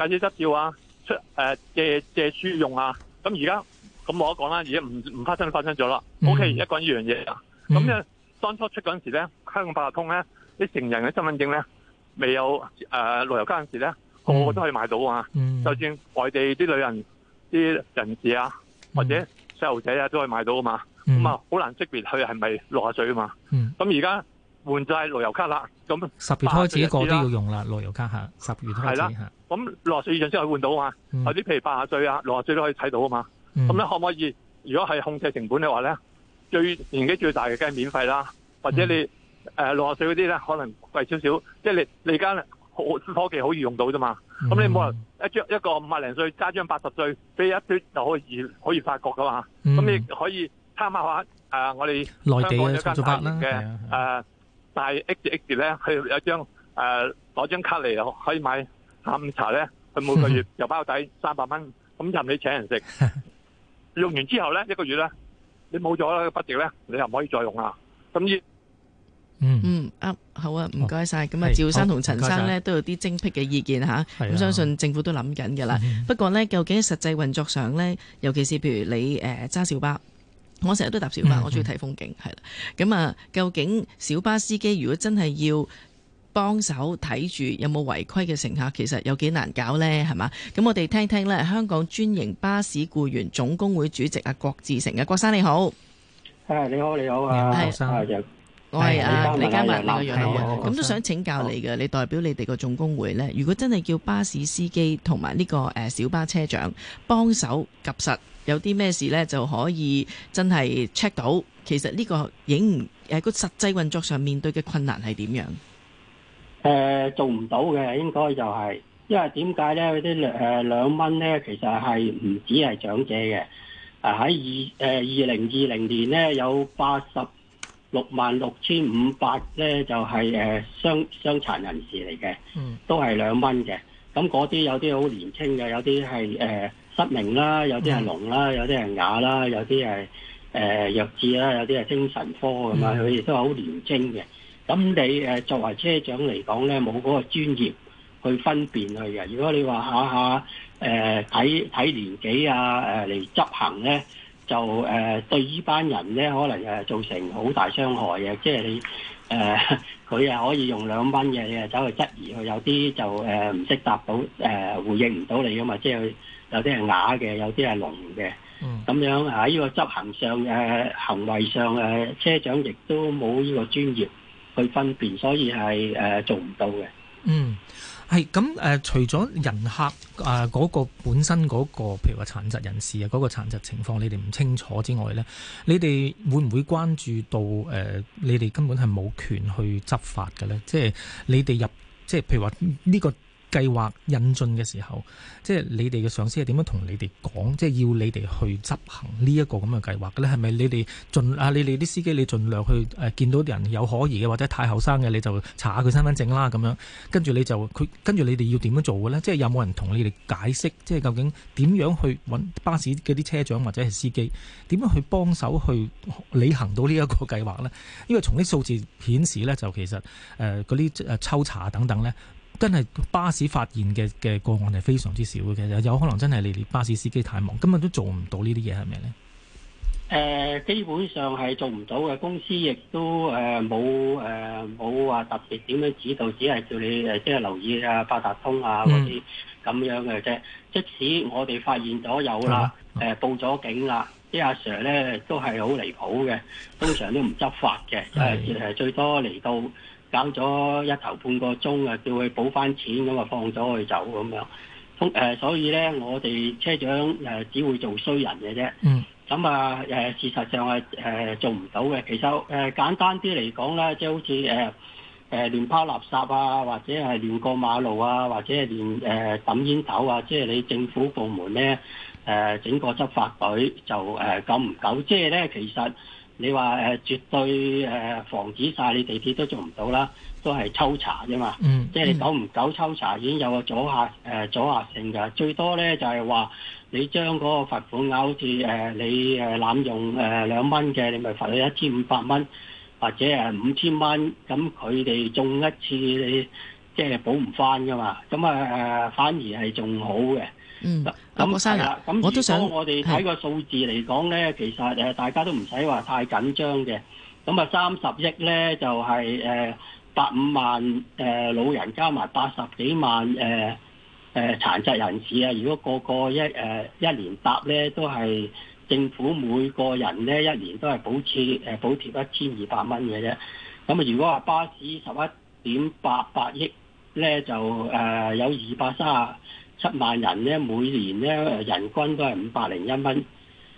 借錢執照啊，出、呃、借借書用啊，咁而家咁冇得講啦，而家唔唔發生發生咗啦。O.K. 而家講呢樣嘢啊，咁、嗯、咧、嗯嗯、當初出嗰陣時咧，香港八達通咧啲成人嘅身份證咧未有誒、呃、路由家嗰時咧，個,個個都可以買到啊，嗯嗯、就算外地啲女人啲人士啊，或者細路仔啊都可以買到啊嘛，咁啊好難識別佢係咪落下水啊嘛，咁而家。嗯嗯換就係樂悠咭啦，咁十月開始一個都要用啦，樂悠咭下十月開始嚇。咁六十歲以上先可以換到嘛？有啲譬如八十歲啊，六十歲都可以睇到啊嘛。咁咧、嗯、可唔可以？如果係控制成本嘅話咧，最年紀最大嘅梗係免費啦。或者你誒六十歲嗰啲咧，可能貴少少，即係你你而家好科技好易用到啫嘛。咁、嗯、你冇人一張一個五十零歲加張八十歲，俾一張就可以可以發覺噶嘛？咁、嗯、你可以參考下誒、呃，我哋內地嘅長租嘅但係 X X 咧，佢有張誒攞張卡嚟，可以買下午茶咧。佢每個月就包底三百蚊，咁任你請人食。用完之後咧，一個月咧，你冇咗啦，嗰筆錢咧，你又唔可以再用啦。咁要嗯嗯啊好啊，唔該晒。咁好啊，趙生同陳生咧都有啲精辟嘅意見吓。咁相信政府都諗緊噶啦。的不過咧，究竟喺實際運作上咧，尤其是譬如你誒揸小巴。我成日都搭小巴，我中意睇風景，係啦。咁啊，究竟小巴司機如果真係要幫手睇住有冇違規嘅乘客，其實有幾難搞呢，係嘛？咁我哋聽聽咧，香港專營巴士僱員總工會主席阿郭志誠啊，郭生你好，係你好，你好啊，郭生，我係阿李嘉文啊，楊生，咁都想請教你嘅，你代表你哋個總工會呢，如果真係叫巴士司機同埋呢個誒小巴車長幫手核實，有啲咩事咧，就可以真係 check 到，其實呢個影唔誒個實際運作上面對嘅困難係點樣？誒、呃、做唔到嘅，應該就係、是、因為點解咧？嗰啲誒兩蚊咧，其實係唔止係長者嘅。誒喺二誒二零二零年咧，有八十六萬六千五百咧，就係誒傷傷殘人士嚟嘅，嗯、都係兩蚊嘅。咁嗰啲有啲好年輕嘅，有啲係誒。呃失明啦，有啲係聾啦，有啲係啞啦，有啲係誒弱智啦，有啲係精神科咁啊！佢亦、嗯、都好年青嘅。咁你誒作為車長嚟講咧，冇嗰個專業去分辨佢嘅。如果你話下下誒睇睇年紀啊誒嚟執行咧，就誒、呃、對呢班人咧可能誒造成好大傷害嘅。即係你誒佢啊可以用兩蚊嘅，你走去質疑佢。佢有啲就誒唔識答到誒、呃、回應唔到你噶嘛，即係。有啲係啞嘅，有啲係聾嘅，咁樣喺呢個執行上誒行為上誒車長亦都冇呢個專業去分辨，所以係誒做唔到嘅。嗯，係咁誒，除咗人客啊嗰、呃嗰個本身嗰、嗰個譬如話殘疾人士啊嗰、嗰個殘疾情況你哋唔清楚之外咧，你哋會唔會關注到誒、呃？你哋根本係冇權去執法嘅咧，即係你哋入即係譬如話呢、呢個。計劃引進嘅時候，即係你哋嘅上司係點樣同你哋講？即係要你哋去執行呢一個咁嘅計劃嘅咧，係咪你哋盡啊？你哋啲司機你盡量去誒、呃、見到啲人有可疑嘅或者太後生嘅，你就查下佢身份證啦咁樣。跟住你就佢跟住你哋要點樣做嘅咧？即係有冇人同你哋解釋？即係究竟點樣去搵巴士嗰啲車長或者係司機點樣去幫手去履行到呢一個計劃咧？因為從啲數字顯示咧，就其實嗰啲、呃啊、抽查等等咧。真係巴士發現嘅嘅個案係非常之少嘅，其實有可能真係你哋巴士司機太忙，根本都做唔到呢啲嘢係咪咧？誒、呃，基本上係做唔到嘅。公司亦都誒冇誒冇話特別點樣指導，只係叫你誒、呃、即係留意啊八達通啊嗰啲咁樣嘅啫。即使我哋發現咗有啦，誒、嗯呃、報咗警啦，啲阿、嗯啊、Sir 咧都係好離譜嘅，通常都唔執法嘅，誒誒係最多嚟到。搞咗一頭半個鐘啊！叫佢補翻錢咁啊，放咗佢走咁樣。所以咧，我哋車長只會做衰人嘅啫。嗯。咁啊事實上係做唔到嘅。其實誒簡單啲嚟講啦，即係好似誒誒亂拋垃圾啊，或者係亂過馬路啊，或者係亂誒抌煙頭啊，即係你政府部門咧整個執法隊就誒夠唔夠？即係咧，其實。你話誒絕對防止晒你地鐵都做唔到啦，都係抽查啫嘛，嗯。嗯，即係你久唔久抽查已經有個阻嚇誒、呃、阻嚇性㗎。最多咧就係、是、話你將嗰個罰款額，好似、呃、你誒濫用兩蚊嘅，你咪罰你一千五百蚊或者五千蚊。咁佢哋中一次，你即係補唔翻㗎嘛。咁啊誒，反而係仲好嘅。嗯，咁係啦，我都想，咁我哋睇個數字嚟講咧，其實誒大家都唔使話太緊張嘅。咁啊三十億咧就係誒八五萬誒老人加埋八十幾萬誒誒、呃呃、殘疾人士啊！如果個個一誒、呃、一年搭咧，都係政府每個人咧一年都係補貼誒、呃、補貼一千二百蚊嘅啫。咁啊如果話巴士十一點八八億咧就誒、呃、有二百三啊。七萬人咧，每年咧，人均都係五百零一蚊。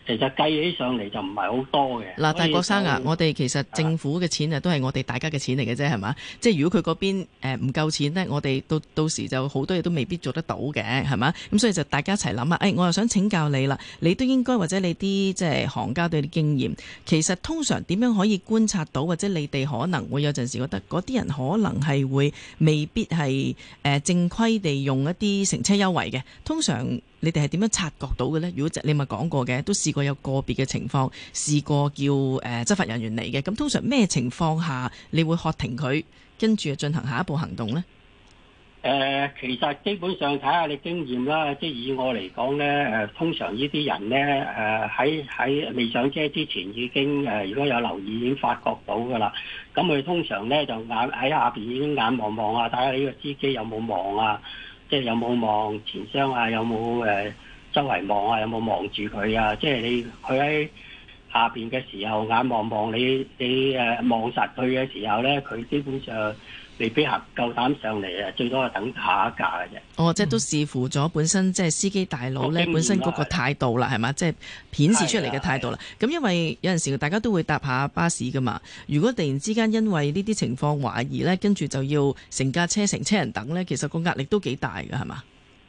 其實計起上嚟就唔係好多嘅。嗱，郭生啊，我哋其實政府嘅錢啊，都係我哋大家嘅錢嚟嘅啫，係嘛吧？即係如果佢嗰邊誒唔夠錢呢，我哋到到時就好多嘢都未必做得到嘅，係嘛？咁所以就大家一齊諗下，誒、哎，我又想請教你啦，你都應該或者你啲即係行家都有啲經驗，其實通常點樣可以觀察到，或者你哋可能會有陣時覺得嗰啲人可能係會未必係誒正規地用一啲乘車優惠嘅，通常。你哋係點樣察覺到嘅咧？如果你咪講過嘅，都試過有個別嘅情況，試過叫誒執法人員嚟嘅。咁通常咩情況下你會喝停佢，跟住進行下一步行動呢？誒，其實基本上睇下你的經驗啦。即係以我嚟講呢，誒通常呢啲人呢，誒喺喺未上車之前已經誒如果有留意已經發覺到噶啦。咁佢通常呢，就眼喺下邊已經眼望望啊，睇下你呢個司機有冇望啊。即係有冇望錢箱啊？有冇誒周圍望啊？有冇望住佢啊？即係你佢喺下面嘅時候，眼望望你，你誒望實佢嘅時候呢，佢基本上。未必夠膽上嚟啊！最多係等下一架嘅啫。哦，即係都視乎咗本身即係司機大佬呢本身嗰個態度啦，係嘛的？即係顯示出嚟嘅態度啦。咁因為有陣時候大家都會搭下巴士噶嘛。如果突然之間因為呢啲情況懷疑呢，跟住就要成架車成車,車人等呢，其實個壓力都幾大㗎係嘛？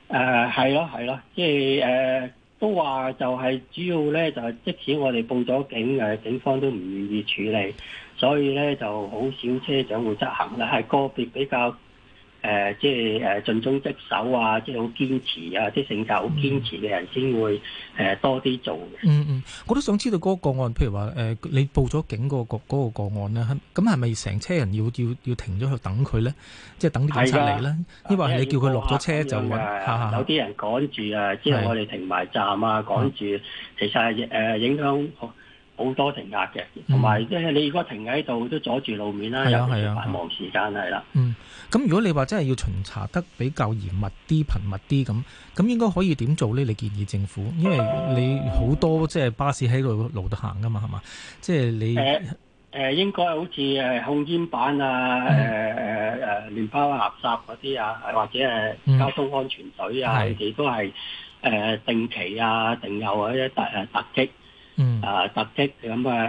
誒係咯係咯，即係誒。呃都話就係主要咧，就即使我哋報咗警，警方都唔願意處理，所以咧就好少車長會執行啦，係個別比較。誒即係誒盡忠職守啊！即係好堅持啊！即係性格好堅持嘅人先會誒多啲做。嗯嗯，我都想知道個個案，譬如話誒你報咗警個個嗰個個案咧，咁係咪成車人要要要停咗去等佢咧？即係等警察嚟咧？抑或係你叫佢落咗車就？有啲人趕住啊！之後我哋停埋站啊，趕住，其實誒影響。好多停壓嘅，同埋即係你如果停喺度，都阻住路面啦，又係、嗯、繁忙時間，係啦、啊。啊啊啊、嗯，咁如果你話真係要巡查得比較嚴密啲、頻密啲咁，咁應該可以點做呢？你建議政府，因為你好多即係、就是、巴士喺度路度行噶嘛，係嘛？即、就、係、是、你誒誒、呃呃，應該好似誒控煙板啊、誒誒誒亂拋垃圾嗰啲啊，或者係交通安全隊啊，佢哋都係定期啊、定有嗰啲突誒突嗯啊，突擊咁啊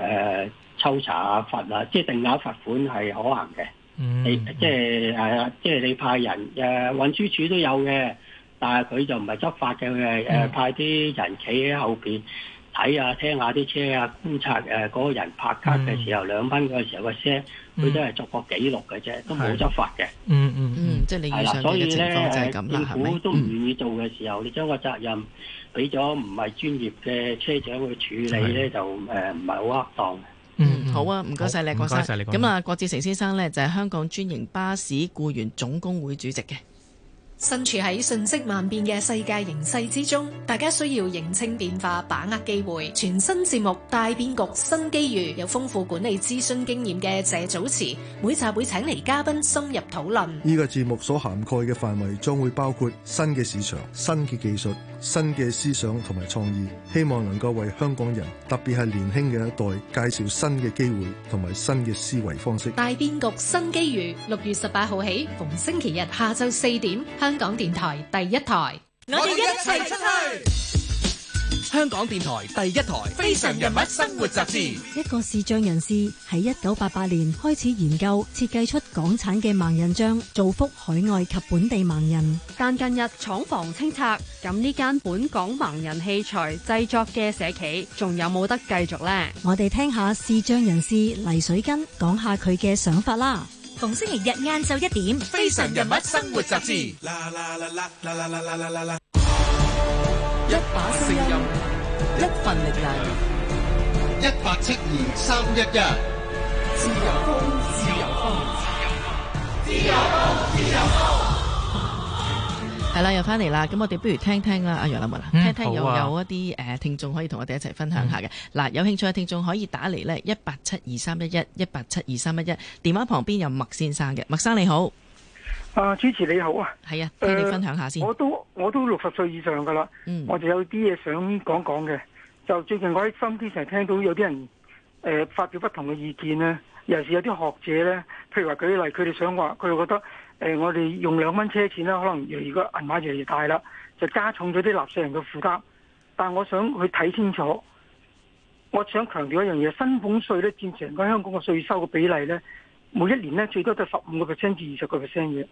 誒，抽查啊罰啊，即係定額罰款係可行嘅、嗯。嗯，你即係誒，即係、呃、你派人誒，運輸署都有嘅，但係佢就唔係執法嘅，佢係誒派啲人企喺後邊睇下、聽下啲車啊，觀察誒嗰、呃那個人拍卡嘅時候，兩蚊嗰時候嘅車，佢都係作個記錄嘅啫，都冇執法嘅、嗯。嗯嗯嗯，嗯，即係你上所以呢就係咁政府都唔願意做嘅時候，嗯、你將個責任。俾咗唔係專業嘅車長去處理呢，就誒唔係好恰當。嗯，好啊，唔該晒你，唔該晒你。咁啊，郭志誠先生呢就係香港專營巴士僱員總工會主席嘅。身處喺瞬息萬變嘅世界形勢之中，大家需要認清變化，把握機會。全新節目大變局，新機遇，有豐富管理諮詢經驗嘅謝祖慈，每集會請嚟嘉賓深入討論。呢個節目所涵蓋嘅範圍將會包括新嘅市場、新嘅技術。新嘅思想同埋創意，希望能夠為香港人，特別係年輕嘅一代，介紹新嘅機會同埋新嘅思維方式。大變局新機遇，六月十八號起，逢星期日下晝四點，香港電台第一台。我哋一齊出去。香港電台第一台《非常人物生活雜誌》，一個視障人士喺一九八八年開始研究設計出港產嘅盲人杖，造福海外及本地盲人。但近日廠房清拆，咁呢間本港盲人器材製作嘅社企，仲有冇得繼續咧？我哋聽下視障人士黎水根講下佢嘅想法啦。逢星期日晏晝一點，《非常人物生活雜誌》。一把聲音，一份力量，一八七二三一一。自由風，自由風，自由風，自由風，自由，風自由風，自由風。係啦、 [LAUGHS] 嗯，又翻嚟啦，咁我哋不如聽聽啦，阿、啊、楊立文啦，聽聽有、嗯啊、有一啲誒、呃、聽眾可以同我哋一齊分享下嘅。嗱、嗯，有興趣嘅聽眾可以打嚟呢一八七二三一一，一八七二三一一。電話旁邊有麥先生嘅，麥生你好。啊，主持你好是啊，係啊，聽你分享一下先、呃。我都我都六十歲以上噶啦，嗯、我就有啲嘢想講講嘅。就最近我喺心機上聽到有啲人誒、呃、發表不同嘅意見咧，尤其是有啲學者咧，譬如話舉例，佢哋想話佢覺得誒、呃，我哋用兩蚊車錢呢，可能如果銀碼越嚟越大啦，就加重咗啲納稅人嘅負擔。但係我想去睇清楚，我想強調一樣嘢，薪俸稅咧佔成個香港嘅稅收嘅比例咧。每一年咧，最多都十五個 percent 至二十個 percent 嘅，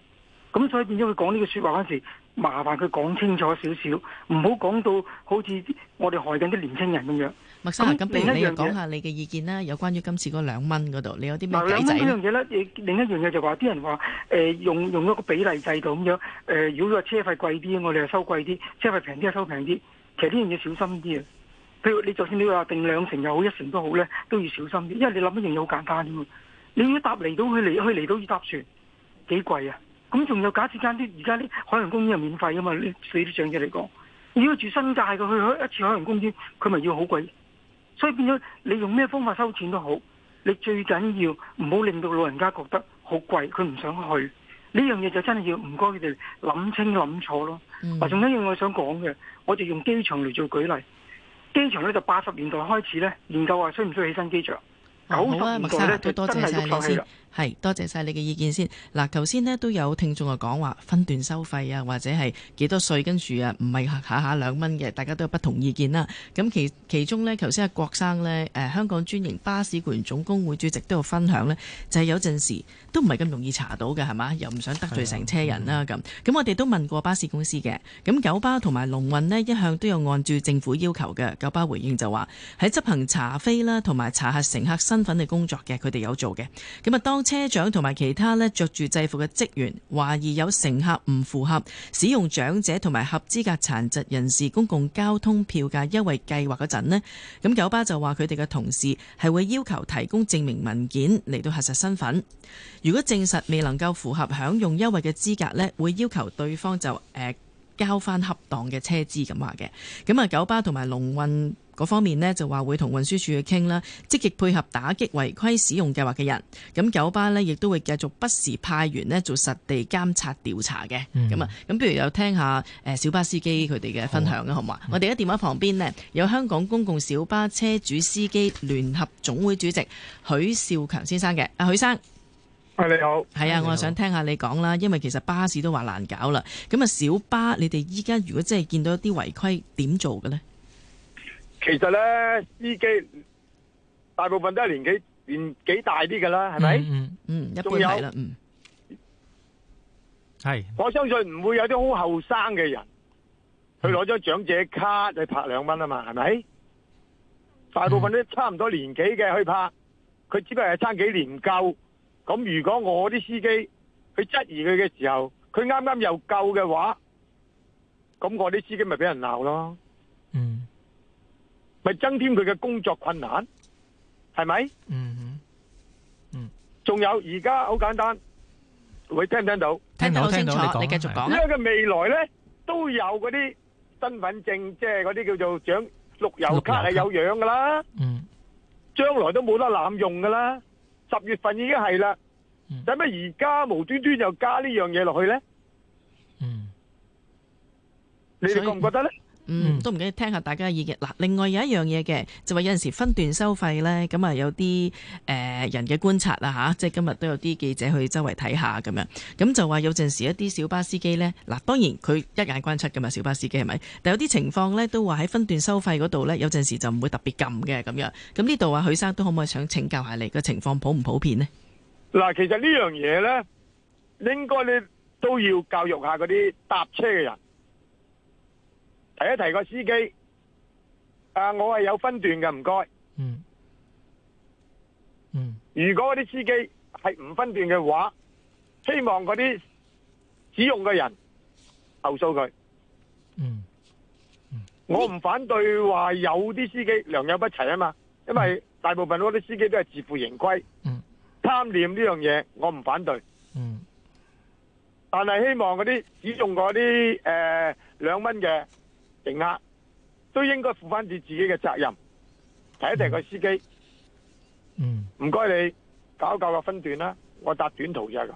咁所以變咗佢講呢個説話嗰陣時，麻煩佢講清楚少少，唔好講到好似我哋害緊啲年青人咁樣。麥生心啊，咁那另一樣嘢，講下你嘅意見啦，有關於今次嗰兩蚊嗰度，你有啲咩睇睇？兩蚊嗰樣嘢咧，另一樣嘢就話啲人話誒、呃、用用一個比例制度咁樣誒、呃，如果個車費貴啲，我哋就收貴啲；車費平啲就收平啲。其實呢樣嘢小心啲啊！譬如你就算你話定兩成又好，一成都好咧，都要小心啲，因為你諗一樣嘢好簡單嘅。你要搭離島去離島去離島要搭船，幾貴啊！咁仲有假設間啲，而家啲海洋公園係免費噶嘛。呢對啲長者嚟講，如果住新界嘅去一次海洋公園，佢咪要好貴？所以變咗你用咩方法收錢都好，你最緊要唔好令到老人家覺得好貴，佢唔想去呢樣嘢就真係要唔該佢哋諗清諗楚咯。啊、嗯，仲有一樣我想講嘅，我就用機場嚟做舉例，機場咧就八十年代開始咧研究話需唔需要起新機場。好啊，麥生都多謝曬你先。係，多謝晒你嘅意見先。嗱、啊，頭先咧都有聽眾啊講話分段收費啊，或者係幾多稅跟住啊，唔係下下兩蚊嘅，大家都有不同意見啦。咁其其中呢，頭先阿郭生呢，誒、呃、香港專營巴士僱員總工會主席都有分享呢就係、是、有陣時都唔係咁容易查到嘅，係嘛？又唔想得罪成車人啦、啊、咁。咁的我哋都問過巴士公司嘅，咁九巴同埋龍運呢，一向都有按住政府要求嘅。九巴回應就話喺執行查飛啦，同埋查核乘客身份嘅工作嘅，佢哋有做嘅。咁啊當車長同埋其他呢着住制服嘅職員，懷疑有乘客唔符合使用長者同埋合資格殘疾人士公共交通票價優惠計劃嗰陣呢，咁九巴就話佢哋嘅同事係會要求提供證明文件嚟到核實身份。如果證實未能夠符合享用優惠嘅資格呢，會要求對方就誒、呃、交返恰當嘅車資咁話嘅。咁啊，九巴同埋龍運。嗰方面呢，就話會同運輸署去傾啦，積極配合打擊違規使用計劃嘅人。咁九巴呢，亦都會繼續不時派員呢做實地監察調查嘅。咁啊、嗯，咁不如又聽下誒小巴司機佢哋嘅分享啊，好嘛？好嗎我哋喺電話旁邊呢，有香港公共小巴車主司機聯合總會主席許兆強先生嘅。阿、啊、許生喂，你好，係啊，我想聽下你講啦，因為其實巴士都話難搞啦。咁啊，小巴你哋依家，如果真係見到一啲違規，點做嘅呢？其實咧，司機大部分都係年紀年紀大啲噶啦，係咪？嗯嗯，一般係啦。嗯，係、嗯，有嗯、我相信唔會有啲好後生嘅人、嗯、去攞咗長者卡嚟拍兩蚊啊嘛，係咪？大部分都差唔多年紀嘅、嗯、去拍，佢只不過係差幾年唔夠。咁如果我啲司機去質疑佢嘅時候，佢啱啱又夠嘅話，咁我啲司機咪俾人鬧咯。嗯。咪增添佢嘅工作困難，係咪？嗯嗯，嗯。仲有而家好簡單，喂，聽唔聽到？聽到，聽到你繼續講。因為佢未來咧，都有嗰啲身份證，即係嗰啲叫做張樂悠卡係有樣噶啦。嗯，將來都冇得濫用噶啦。十月份已經係啦，使乜而家無端端又加呢樣嘢落去咧？嗯，你哋覺唔覺得咧？嗯，都唔緊要，聽下大家嘅意見。嗱，另外有一樣嘢嘅，就話有陣時分段收費呢。咁啊有啲誒人嘅觀察啦吓，即係今日都有啲記者去周圍睇下咁樣，咁就話有陣時一啲小巴司機呢，嗱，當然佢一眼關七噶嘛，小巴司機係咪？但有啲情況呢，都話喺分段收費嗰度呢，有陣時就唔會特別撳嘅咁樣。咁呢度啊，許生都可唔可以想請教下你個情況普唔普遍呢？嗱，其實呢樣嘢呢，應該咧都要教育下嗰啲搭車嘅人。提一提個司機，啊、呃，我係有分段嘅，唔該、嗯。嗯嗯，如果啲司機係唔分段嘅話，希望嗰啲使用嘅人投訴佢、嗯。嗯我唔反對話有啲司機良莠不齊啊嘛，因為大部分嗰啲司機都係自負盈虧，貪、嗯、念呢樣嘢，我唔反對。嗯，但係希望嗰啲使用嗰啲誒兩蚊嘅。呃停壓都應該負翻住自己嘅責任，睇一睇個司機、嗯。嗯，唔該你搞一搞個分段啦，我搭短途而已，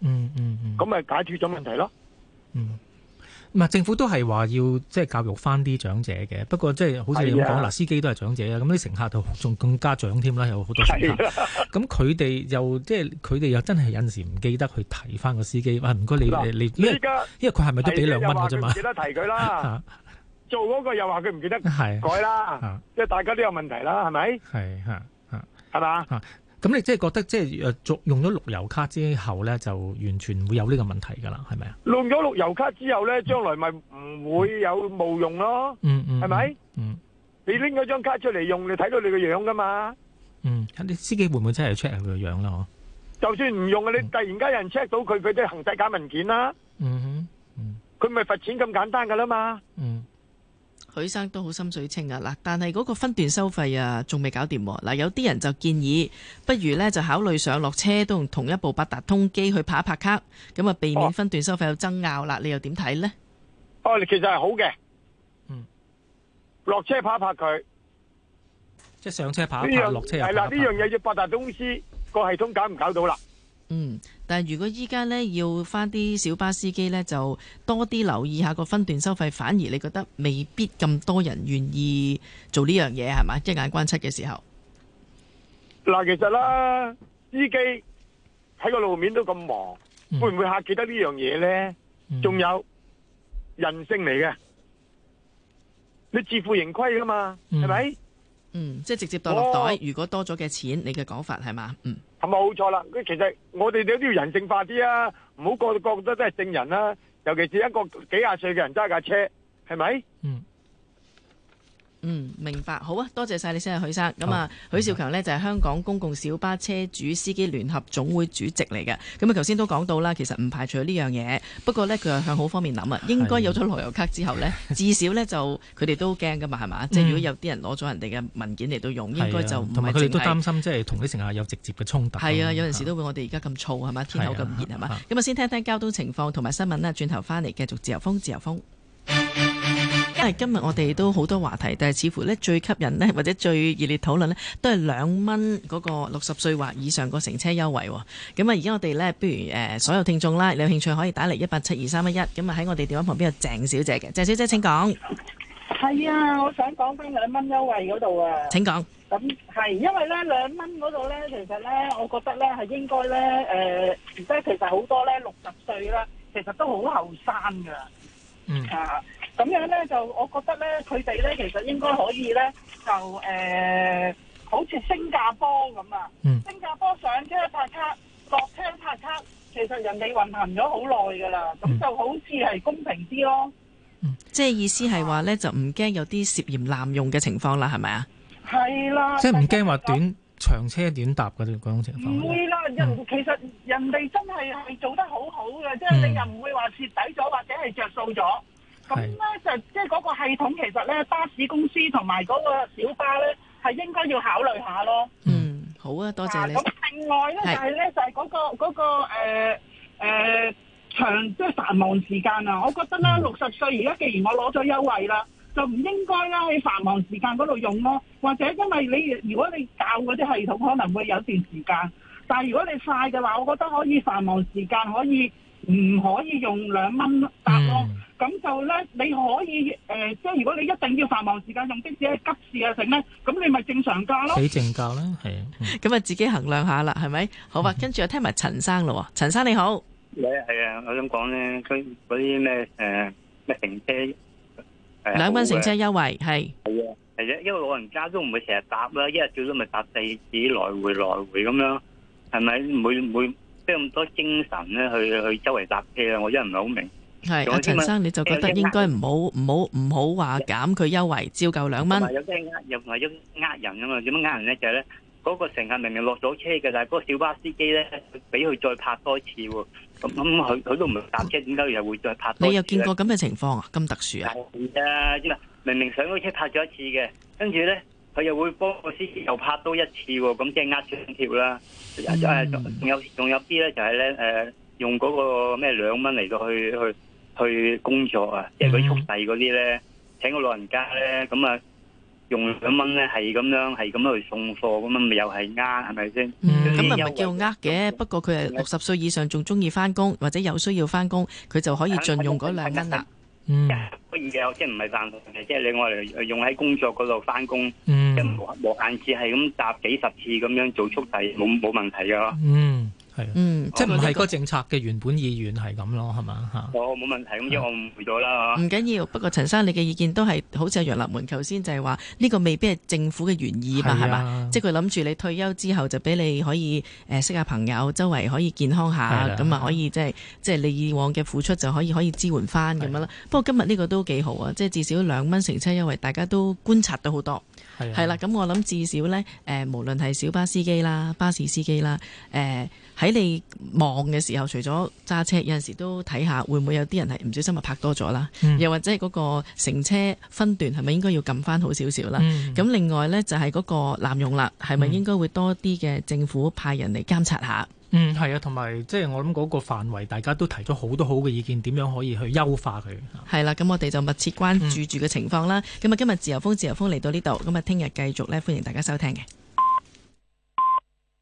嗯嗯嗯，咁咪解決咗問題咯。嗯、唔、嗯、係、嗯、政府都係話要即係教育翻啲長者嘅，不過即係好似你咁講嗱，是啊、司機都係長者啊，咁啲乘客就仲更加長添啦，有好多乘客。咁佢哋又即係佢哋又真係有時唔記得去提翻個司機，唔該你你你，因為佢係咪都俾兩蚊嘅啫嘛？記得提佢啦？ [LAUGHS] 做嗰個又話佢唔記得改啦，即係大家都有問題啦，係咪？係嚇嚇，係嘛？嚇咁你即係覺得即係誒，用用咗樂悠卡之後咧，就完全唔會有呢個問題噶啦，係咪啊？用咗樂悠卡之後咧，將來咪唔會有冒用咯？嗯嗯，係咪？嗯，你拎咗張卡出嚟用，你睇到你個樣噶嘛？嗯，你司機會唔會真係 check 佢個樣咧？就算唔用嘅，你突然間有人 check 到佢，佢即都行使假文件啦。嗯哼，佢咪罰錢咁簡單噶啦嘛？嗯。許生都好心水清啊！嗱，但係嗰個分段收費啊，仲未搞掂。嗱，有啲人就建議，不如呢就考慮上落車都用同一部八達通機去拍一拍卡，咁啊避免分段收費有爭拗啦。你又點睇呢？哦，其實係好嘅，嗯，落車拍一拍佢，嗯、即係上車拍一拍，是落車係啦，呢樣嘢要八達通公司個系統搞唔搞到啦？嗯，但係如果依家呢要翻啲小巴司機呢就多啲留意下個分段收費，反而你覺得未必咁多人願意做呢樣嘢係咪？一眼關七嘅時候，嗱，其實啦，司機喺個路面都咁忙，嗯、會唔會客氣得呢樣嘢呢？仲、嗯、有人性嚟嘅，你自負盈虧噶嘛？係咪？嗯，即係直接袋落袋，如果多咗嘅錢，你嘅講法係嘛？嗯。係冇錯啦，佢其實我哋都都要人性化啲啊，唔好個個覺得都係證人啦，尤其是一個幾廿歲嘅人揸架車，係 [NOISE] 咪？嗯。 [NOISE] [NOISE] [NOISE] [NOISE] 嗯，明白，好啊，多謝晒你先啊，許生。咁啊、哦，許兆強呢就係香港公共小巴車主司機聯合總會主席嚟嘅。咁啊，頭先都講到啦，其實唔排除呢樣嘢。不過呢，佢係向好方面諗啊，應該有咗樂悠卡之後呢，是的 至少呢，就佢哋都驚噶嘛，係嘛？即係如果有啲人攞咗人哋嘅文件嚟到用，的應該就唔係淨係。同埋佢哋都擔心，即係同啲乘客有直接嘅衝突。係啊，有陣時都會我哋而家咁燥係嘛，的天口咁熱係嘛，咁啊，先聽聽交通情況同埋新聞啦，轉頭翻嚟繼續自由風，自由風。今日我哋都好多話題，但係似乎咧最吸引咧或者最熱烈討論咧都係兩蚊嗰個六十歲或以上個乘車優惠。咁啊，而家我哋咧不如誒所有聽眾啦，你有興趣可以打嚟一八七二三一一，咁啊喺我哋電話旁邊有鄭小姐嘅，鄭小姐請講。係啊，我想講翻兩蚊優惠嗰度啊。請講。咁係，因為咧兩蚊嗰度咧，其實咧我覺得咧係應該咧誒，即係其實好多咧六十歲啦，其實都好後生噶。嗯。啊。咁樣咧就，我覺得咧，佢哋咧其實應該可以咧，就誒、呃，好似新加坡咁啊，嗯、新加坡上車拍卡，落車拍卡，其實人哋運行咗、嗯、好耐噶、啊嗯、啦，咁就好似係公平啲咯。即係意思係話咧，就唔驚有啲涉嫌濫用嘅情況啦，係咪啊？係啦，即係唔驚話短長車短搭嗰種嗰種情況。唔會啦、嗯，其實人哋真係係做得好好嘅，嗯、即係你又唔會話蝕底咗，或者係着數咗。咁咧就即係嗰個系統，其實咧巴士公司同埋嗰個小巴咧，係應該要考慮下咯。嗯，好啊，多謝你。咁、啊、另外咧，就係咧，就係嗰個嗰個誒長即係繁忙時間啊！我覺得咧，六十、嗯、歲而家，既然我攞咗優惠啦，就唔應該啦喺繁忙時間嗰度用咯。或者因為你如果你教嗰啲系統，可能會有段時間。但係如果你快嘅話，我覺得可以繁忙時間可以唔可以用兩蚊搭咯。咁就咧，你可以誒，即係如果你一定要繁忙時間用的士去急事啊，剩咧，咁你咪正常價咯，睇正價啦，係啊，咁啊自己衡量下啦，係咪？好啊，跟住又聽埋陳生咯，陳生你好，你係啊，係啊，我想講咧，佢嗰啲咩誒咩乘車，兩蚊乘車優惠係，係啊，係啊，因為老人家都唔會成日搭啦，一日最多咪搭地鐵來回來回咁樣，係咪？唔會唔會即係咁多精神咧去去周圍搭車啊，我真係唔係好明。係陳生，你就覺得應該唔好唔好唔好話減佢優惠，照夠兩蚊。有啲呃人，唔係因呃人噶嘛？點樣呃人咧就係咧，嗰個乘客明明落咗車嘅，但係嗰個小巴司機咧，俾佢再拍多一次喎。咁咁佢佢都唔係搭車，點解又會再拍多一次？你有見過咁嘅情況啊？咁特殊啊？係知明明上咗車拍咗一次嘅，跟住咧，佢又會幫個司機又拍多一次喎。咁即係呃車票啦。啊，仲有仲有啲咧就係咧，誒，用嗰個咩兩蚊嚟到去去。去去工作啊，即係佢速遞嗰啲咧，嗯、請個老人家咧，咁啊用兩蚊咧，係咁樣，係咁樣去送貨，咁樣咪又係呃，係咪先？嗯，咁又唔叫呃嘅，不過佢係六十歲以上，仲中意翻工或者有需要翻工，佢就可以盡用嗰兩蚊啦。嗯，可以嘅，即係唔係浪費嘅，即係你我嚟，用喺工作嗰度翻工，即係無限次係咁搭幾十次咁樣做速遞，冇冇問題噶。嗯。嗯，即係唔係個政策嘅原本意願係咁咯，係嘛吓？我冇問題，咁樣我唔回咗啦。唔緊要，不過陳生你嘅意見都係好似阿楊立門頭先就係話呢個未必係政府嘅原意嘛，係嘛？即係佢諗住你退休之後就俾你可以誒識下朋友，周圍可以健康下，咁啊可以即係即係你以往嘅付出就可以可以支援翻，咁樣啦。不過今日呢個都幾好啊，即係至少兩蚊乘車優惠，大家都觀察到好多係啦。咁我諗至少呢，誒，無論係小巴司機啦、巴士司機啦，誒。喺你忙嘅時候，除咗揸車，有陣時都睇下會唔會有啲人係唔小心咪拍多咗啦，嗯、又或者係嗰個乘車分段係咪應該要撳翻好少少啦？咁、嗯、另外呢，就係、是、嗰個濫用啦，係咪應該會多啲嘅政府派人嚟監察下嗯？嗯，係啊，同埋即係我諗嗰個範圍，大家都提咗好多好嘅意見，點樣可以去優化佢？係啦，咁我哋就密切關注住嘅情況啦。咁啊、嗯，今日自由風自由風嚟到呢度，咁啊，聽日繼續咧，歡迎大家收聽嘅。